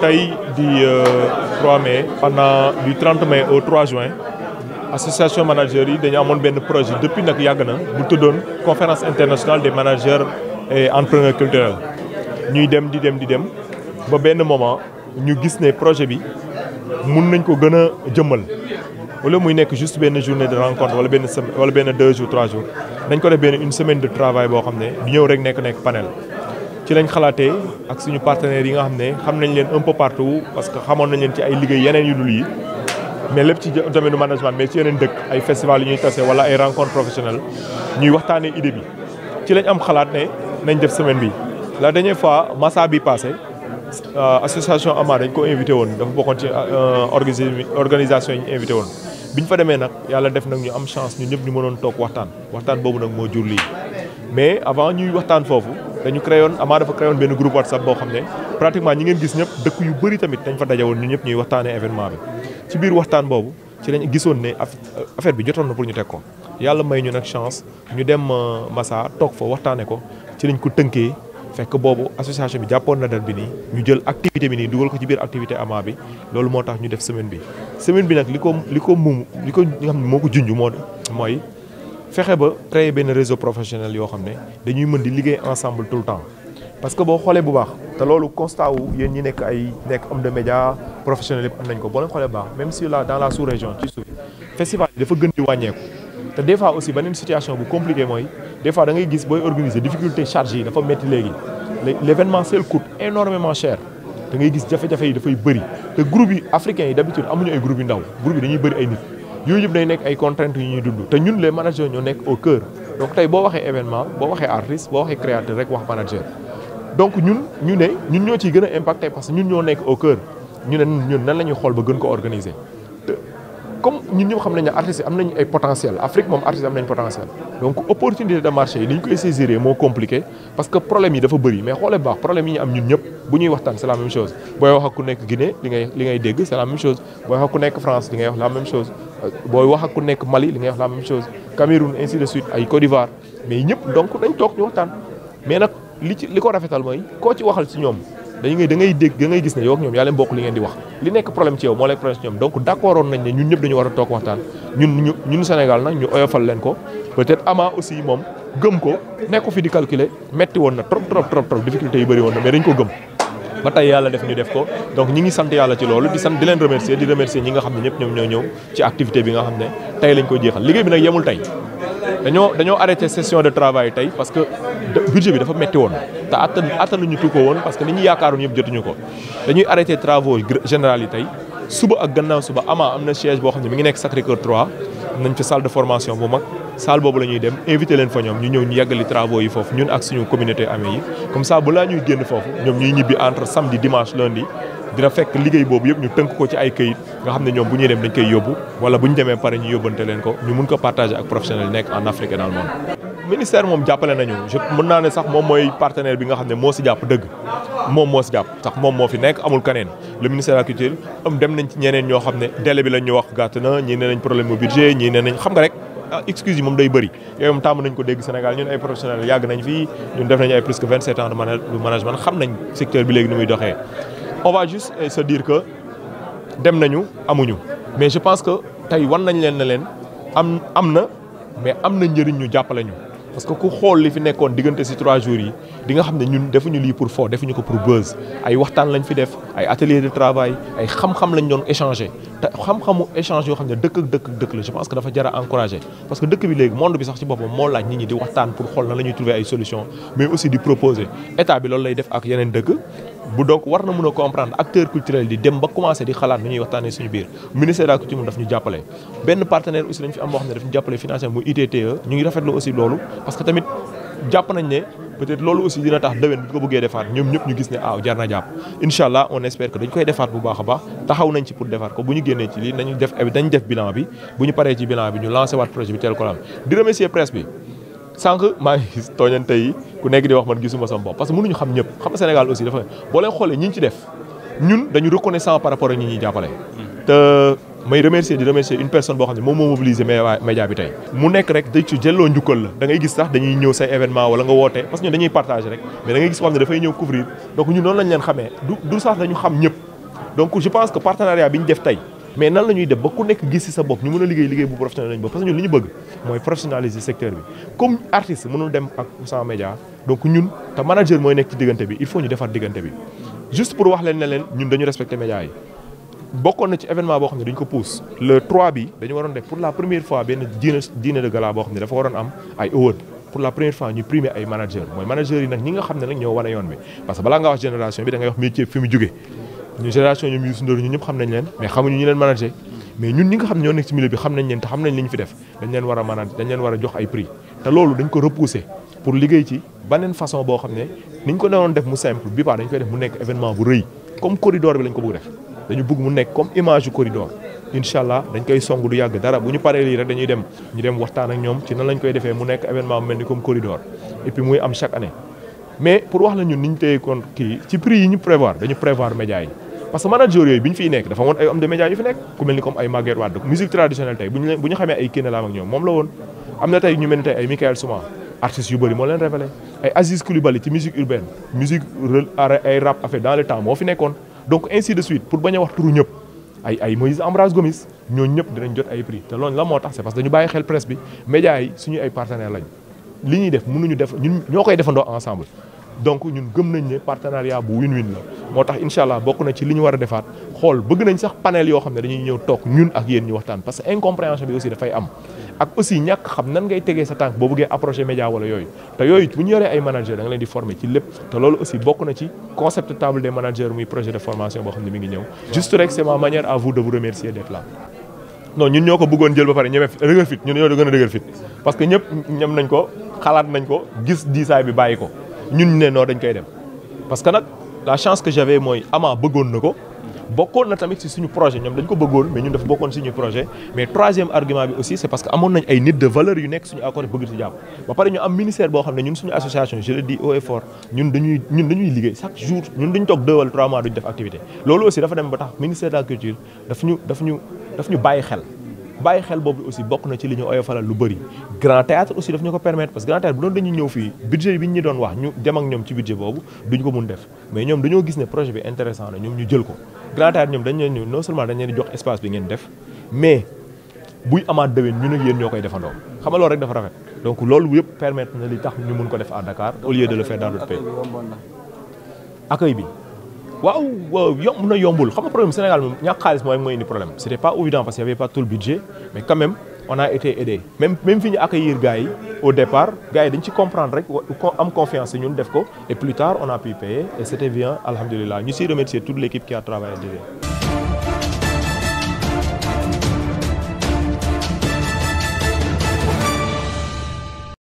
du di 3 euh, mai pendant du 30 mai au 3 juin association Managerie yi dañu amoon benn projet depuis Nak yagana na bu conférence internationale des managers et entrepreneurs culturels ñuy dem di dem di dem ba moment ñu gis le projet bi mun nañ ko gën a jëmmal wala muy juste une journée de rencontre wala benn wala deux jours trois jours dañ ko une semaine de travail pour xam ne du rek panel ci lañ xalaatee ak suñu partenaires yi nga xam ne xam nañ leen un peu partout parce que xamoon nañ leen ci ay liggéey yeneen yu dul yi mais lépp ci domaine du management mais ci yeneen dëkk ay festival yu ñuy tase wala ay rencontre professionnelle ñuy waxtaanee idée bi ci lañ am xalaat ne nañ def semaine bi la dernière fois Massa bi passé euh, association AMA dañ ko invité woon dafa bokkoon ci euh, organisation yi ñu invité woon biñ fa demee nag yàlla def nag ñu am chance ñu ñëpp ñu mënoon toog waxtaan waxtaan boobu nag moo jur lii mais avant ñuy waxtaan foofu dañu créoon Ama dafa créoon benn groupe WhatsApp boo xam ne pratiquement ñi ngeen gis ñëpp dëkk yu bëri tamit dañ fa dajawoon ñu ñëpp ñuy waxtaanee événement bi ci biir waxtaan boobu ci lañ gisoon ne affaire bi jotoon na pour ñu teg ko yàlla may ñu nag chance ñu dem euh, Massa toog foo waxtaanee ko ci lañ ko tënkee fekk boobu association bi jàppoon na dal bi nii ñu jël activité bi nii dugal ko ci biir activité Ama bi loolu moo tax ñu def semaine bi semaine bi nag li ko li ko muum li ko moo ko junj moo mooy fexeba ba créer benn réseau professionnel yo xamné ne dañuy mënd di liggéey ensemble tout le temps parce que bo xolé bu baax té lolu constat wu yeen ñi nek ay nek homme de média professionnel yëpp am nañ ko bo leen xolé bu baax même si là dans la sous-région ci souf festival dafa gën di wàññeeku té des fois aussi benen situation bu compliqué moy des fois da ngay gis boy organiser difficulté charge yi dafa L'événement c'est le coûte énormément cher da ngay gis jafé jafé yi fay bëri té groupe yi africains yi d'habitude amuñu ay groupe yi ndaw groupe yi dañuy bëri ay nit yooyu yëpp day nekk ay contraintes yu ñuy dund te ñun les managers ñoo nekk au cœur donc tey boo waxee événement boo waxee artiste boo waxee créateur rek wax manager donc ñun ñu ñun ñoo ci gën a impacté parce que ñun ñoo nekk au cœur ñu ne ñun nan la xool ba gën ko organiser te comme ñun ñëpp xam nañ ne artistes yi am nañ ay potentiel Afrique moom artistes yi am nañ potentiel donc opportunité de marché yi ni ñu koy saisir moo compliqué parce que problème yi dafa bëri booy wax ak ku nekk Mali li ngay wax la même chose Cameroun ainsi de suite ay Côte mais ñëpp donc dañ toog ñu waxtaan mais nag li ci li ko rafetal mooy koo ci waxal ci ñoom dañ ngay da ngay dégg da ngay gis ne yow ñoom yaa leen bokk li ngeen di wax li nekk problème ci yow moo lay problème ci ñoom donc d'accord woon nañ ne ñun ñëpp dañu war a toog waxtaan ñun ñun Sénégal nag ñu oyofal leen ko peut-être Ama aussi moom gëm ko nekk ko fi di calculer metti woon na trop trop trop trop difficulté yu bëri woon na mais dañ ko gëm ba tey yàlla def ñu def ko donc ñi ngi sant yàlla ci loolu di sant di leen remercier di remercier ñi nga xam ne ñëpp ñoom ñoo ñëw ci activité bi nga xam ne tey lañ koy jeexal liggéey bi nag yemul tey dañoo dañoo arrêté session de travail tey parce que budget bi dafa metti woon te attan attanuñu tu ko woon parce que li ñu yaakaaroon yëpp jotuñu ko dañuy arrêté travaux général yi tey suba ak gannaaw suba amaa am na siège boo xam ne mi ngi nekk Sacré Cœur 3 nañ fi salle formation bu mag salle boobu la ñuy dem invité leen fa ñoom ñu ñëw ñu yeggali travaux yi foofu ñun ak suñu communauté amee yi comme ça balaa ñuy génn foofu ñoom ñuy ñibbi entre samedi dimanche lundi dina fekk liggéey boobu yëpp ñu tënk ko ci ay këyit nga xam ne ñoom bu ñuy dem dañ koy yóbbu wala bu ñu demee pare ñu yóbbante leen ko ñu mun ko partager ak professionnels nekk en Afrique et dans le monde. ministère moom jàppale nañu je mën naa ne sax moom mooy partenaire bi nga xam ne moo si jàpp dëgg moom moo si jàpp moom moo fi nekk amul kaneen le nañ ci ñeneen ñoo xam ne délai bi ñu wax gàtt na ñii nee nañ problème mu budget nee nañ xam nga rek Ah, excuse yi day bëri yooyu moom tàmm nañ ko dégg Sénégal ñun ay professionnels yag nañ fi ñun def nañ ay plus que 27 ans de management xam nañ secteur bi légui numuy doxé on va juste eh, se dire que dem nañu amuñu mais je pense que tay wan nañ leen leen am amna mais amna na njëriñ ñu jàppale ñu parce que ku xol li fi nekkoon diggante ci 3 jours yi di nga xam ñun defuñu li pour fo defuñu ko pour buzz ay waxtaan lañ fi def ay atelier de travail ay xam-xam lañ doon échanger te xam-xamu échange yo xam ne dëkk ak dëkk dëkk la je pense que dafa jara encourager parce que dëkk bi légui monde bi sax ci boppam mo laaj nit ñi di waxtaan pour xol na la trouver ay solution mais aussi di proposer état bi loolu lay def ak yeneen dëkk bu donc war na mën a comprendre acteur culturel di dem ba commencer di xalaat nu ñuy waxtaanee suñu biir ministère de la culture moom daf ñu jàppale benn partenaire aussi lañ fi am boo xam ne daf ñu jàppale financièrement muy ITTE ñu ngi rafetlu aussi loolu parce que tamit jàpp nañ ne peut-être loolu aussi dina tax déwén bu ko bëggee defaat ñoom ñëpp ñu gis ne aaw ah, jar jàpp incha on espère que dañ koy defaat bu baax a baax taxaw nañ ci pour defaat ko bu ñu génnee ci lii nañu def dañ def bilan bi bu ñu paree ci bilan bi ñu lancé waat projet bi teel maa ngi gis tooñante yi ku nekk di wax man gisuma sama bopp parce que mënuñu xam ñëpp xam nga Sénégal aussi dafa boo leen xoolee ñi ñu ci def ñun dañu reconnaissant par rapport ak ñi ñuy jàppale hmm. may remercier di remercier une personne boo xam ne moom moo mobiliser média bi tey mu nekk rek day ci jëlloo njukkal la da ngay gis sax dañuy ñëw say événement wala nga woote parce que ñun dañuy partager rek mais da ngay gis koo xam ne que partenariat bi ñu def tey mais nan la ñuy def ba ku nekk gis ci sa bopp ñu mën a liggéey liggéey bu professionnel lañu bopp parce que ñun ñu bëgg mooy professionnaliser secteur bi comme artiste mënul dem ak sans média donc ñun te manager mooy nekk ci diggante bi il faut ñu defar diggante bi juste pour wax ne leen ñun dañu respecter média yi bokkoon na ci événement bo xam dañ ko pousse le 3 bi dañu waroon def pour la première fois ben dîner dîner de gala bo xam dafa waroon am ay award pour la première fois ñu primer ay manager moy manager yi nak ñi nga xam nak nag ñoo wane yoon bi parce que bala nga wax génération bi da ngay wax métier fi mu jógee ñu génération ñu Youssou Ndour ñu ñep xam leen mais xamu ñu ñi leen manager mais ñun ñi nga xam ne ñoo nekk ci milieu bi xam leen te xam liñ fi def dañ leen wara a manager dañ leen wara jox ay prix te loolu dañ ko repousser pour liggéey ci beneen façon bo xam ne niñ ko doon def mu simple bi paa dañ koy def mu nekk événement bu reuy comme corridor bi lañ ko bëgg def dañu bëgg mu nekk comme image yu corridor incha allah dañ koy song du yàgg dara bu ñu paree rek dañuy dem ñu dem waxtaan ñoom ci nan lañ koy defee mu nekk événement mel ni comme corridor et puis muy am chaque année. mais pour wax la ñun ni kon kii ci prix yi ñu prévoir dañu prévoir média yi parce que manager yooyu bi ñu fiy nekk dafa woon ay hommes de média yu fi nekk comme ay Maguette Wade musique traditionnelle tey bu ñu xamee ay Kiné ñoom moom la am na ñu mel ay Michael fi nekkoon donc ainsi de suite pour bañ wax turu ñep ay ay Moïse Ambroise Gomis ñoo ñep dinañ jot ay prix té loolu la motax c'est parce que dañu baye xel presse bi média yi suñu ay partenaires lañ li ñuy def mënuñu def ñun ñokay koy defandoo ensemble. donc ñun gëm nañ né partenariat bu win-win la moo tax incha na ci li ñu war a defaat xool bëgg nañ sax panel yo xamné dañuy ñëw tok ñun ak yeen ñu waxtaan parce que incompréhension bi aussi da fay am. ak aussi ñàkk xam nan ngay tegee sa tànk boo bëggee approché média wala yooyu te yooyu bu ñu yoree ay manager da nga leen di former ci lépp te loolu aussi bokk na ci concept table des muy projet de formation boo xam ne mi ngi ñëw juste rek c'est ma manière à vous de vous remercier d'être là non ñun ñoo ko bëggoon jël ba pare ñeme dëgër fit ñun ñoo gën a dëgër fit parce que ñëpp ñam nañ ko xalaat nañ ko gis diisaay bi bàyyi ko ñun ne noo dañ koy dem parce que nag la chance que j'avais na ko bokkoon na tamit ci suñu projet ñom dañ ko bëggoon mais ñun dafa bokkoon suñu projet mais troisième argument bi aussi c'est parce que amon nañ ay nit de valeur yu nekk suñu accord bëgg ci jàpp ba paré ñu am ministère bo xamné ñun suñu association je le dis haut et fort ñun dañuy ñun dañuy liggéey chaque jour ñun duñ tok 2 wala 3 mois duñ def activité loolu aussi dafa dem ba tax ministère de la culture daf ñu daf ñu daf ñu bayyi xel bàyyi xel bobu aussi bokk na ci li ñu oyofalal lu bari grand théâtre aussi daf ñu permettre parce que grand théâtre bu doon dañu ñëw fi budget bi ñu doon wax ñu dem ak ñom ci budget bobu duñ ko mën def mais ñom dañu gis ne projet bi intéressant na ñom ñu jël ko grand théâtre ñom dañ ñu non seulement dañ leen jox espace bi ngeen def mais buy amaat dewen ñun ak yeen ñoo koy defandoo xam nga loolu rek dafa rafet donc loolu yëpp permettre na li tax ñu mën ko def à Dakar au lieu de le faire dans d'autres pays accueil bi Waouh, waouh, yomb na yombul xam nga Sénégal il y a un mooy indi problème C'était pas évident parce qu'il n'y avait pas tout le budget mais quand même on a été aidé même si on accueillir gars au départ gars comprendrait ci confiance en nous, et plus tard on a pu payer et c'était bien Alhamdulillah. Nous remercions remercier toute l'équipe qui a travaillé déjà.